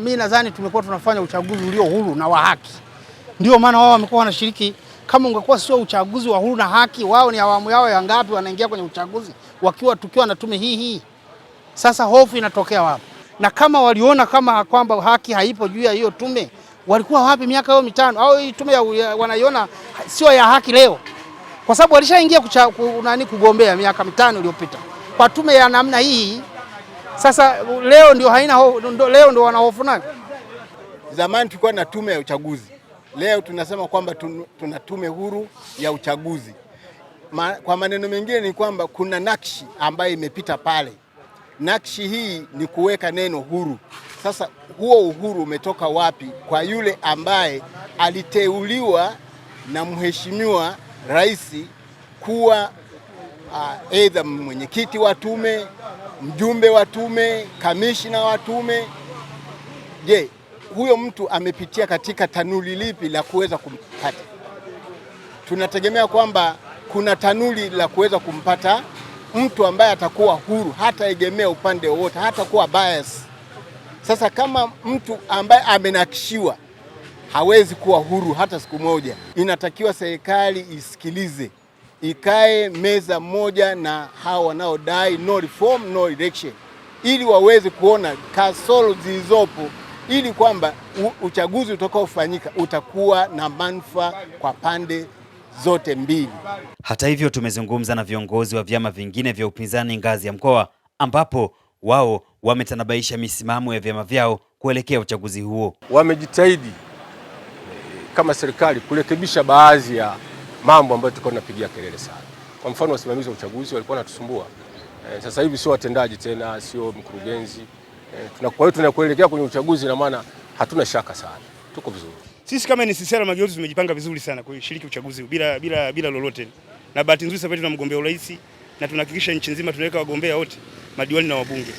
mi nadhani tumekuwa tunafanya uchaguzi ulio huru na wa haki, ndio maana wao wamekuwa wanashiriki. Kama ungekuwa sio uchaguzi wa huru na haki, wao ni awamu yao ya ngapi wanaingia kwenye uchaguzi wakiwa tukiwa na tume hii hii? Sasa hofu inatokea wapi? Na kama waliona kama kwamba haki haipo juu ya hiyo tume, walikuwa wapi miaka hiyo mitano? Au hii tume wanaiona sio ya haki leo, kwa sababu walishaingia nani kugombea miaka mitano iliyopita kwa tume ya namna hii. Sasa leo ndio haina ho, ndo, leo ndio wanahofu nayo. Zamani tulikuwa na tume ya uchaguzi, leo tunasema kwamba tuna tume huru ya uchaguzi. Ma, kwa maneno mengine ni kwamba kuna nakshi ambayo imepita pale. Nakshi hii ni kuweka neno huru. Sasa huo uhuru umetoka wapi kwa yule ambaye aliteuliwa na mheshimiwa rais kuwa aidha uh, mwenyekiti wa tume mjumbe wa tume, kamishna wa tume. Je, huyo mtu amepitia katika tanuli lipi la kuweza kumpata? Tunategemea kwamba kuna tanuli la kuweza kumpata mtu ambaye atakuwa huru, hataegemea upande wowote, hatakuwa bias. Sasa kama mtu ambaye amenakishiwa hawezi kuwa huru hata siku moja, inatakiwa serikali isikilize ikae meza moja na hawa wanaodai no reform no election, ili waweze kuona kasoro zilizopo, ili kwamba uchaguzi utakaofanyika utakuwa na manufaa kwa pande zote mbili. Hata hivyo, tumezungumza na viongozi wa vyama vingine vya upinzani ngazi ya mkoa, ambapo wao wametanabaisha misimamo ya vyama vyao kuelekea uchaguzi huo. Wamejitahidi eh, kama serikali kurekebisha baadhi ya mambo ambayo tulikuwa tunapigia kelele sana. Kwa mfano, wasimamizi wa uchaguzi walikuwa wanatusumbua. E, sasa hivi sio watendaji tena, sio mkurugenzi e, eh, tunakuwa tunakuelekea kwenye uchaguzi na maana hatuna shaka sana, tuko vizuri sisi kama sisi Mageuzi tumejipanga vizuri sana kushiriki uchaguzi bila, bila, bila lolote, na bahati nzuri sasa tuna mgombea urais na tunahakikisha nchi nzima tunaweka wagombea wote madiwani na wabunge.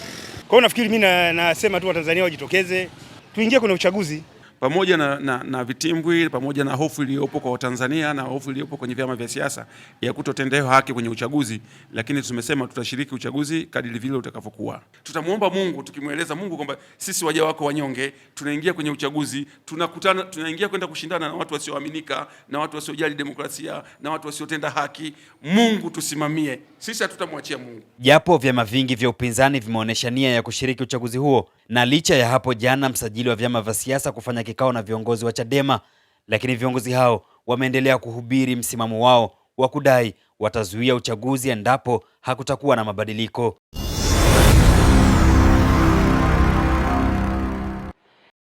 Kwa hiyo nafikiri mimi nasema tu Watanzania wajitokeze tuingie kwenye uchaguzi pamoja na, na, na vitimbwi pamoja na hofu iliyopo kwa Watanzania na hofu iliyopo kwenye vyama vya siasa ya kutotendewa haki kwenye uchaguzi, lakini tumesema tutashiriki uchaguzi kadiri vile utakavyokuwa. Tutamwomba Mungu tukimweleza Mungu kwamba sisi waja wako wanyonge tunaingia kwenye uchaguzi, tunakutana, tunaingia kwenda kushindana na watu wasioaminika na watu wasiojali demokrasia na watu wasiotenda haki. Mungu tusimamie sisi hatutamwachia Mungu. Japo vyama vingi vya upinzani vimeonyesha nia ya kushiriki uchaguzi huo, na licha ya hapo jana msajili wa vyama vya siasa kufanya kikao na viongozi wa Chadema, lakini viongozi hao wameendelea kuhubiri msimamo wao wa kudai watazuia uchaguzi endapo hakutakuwa na mabadiliko.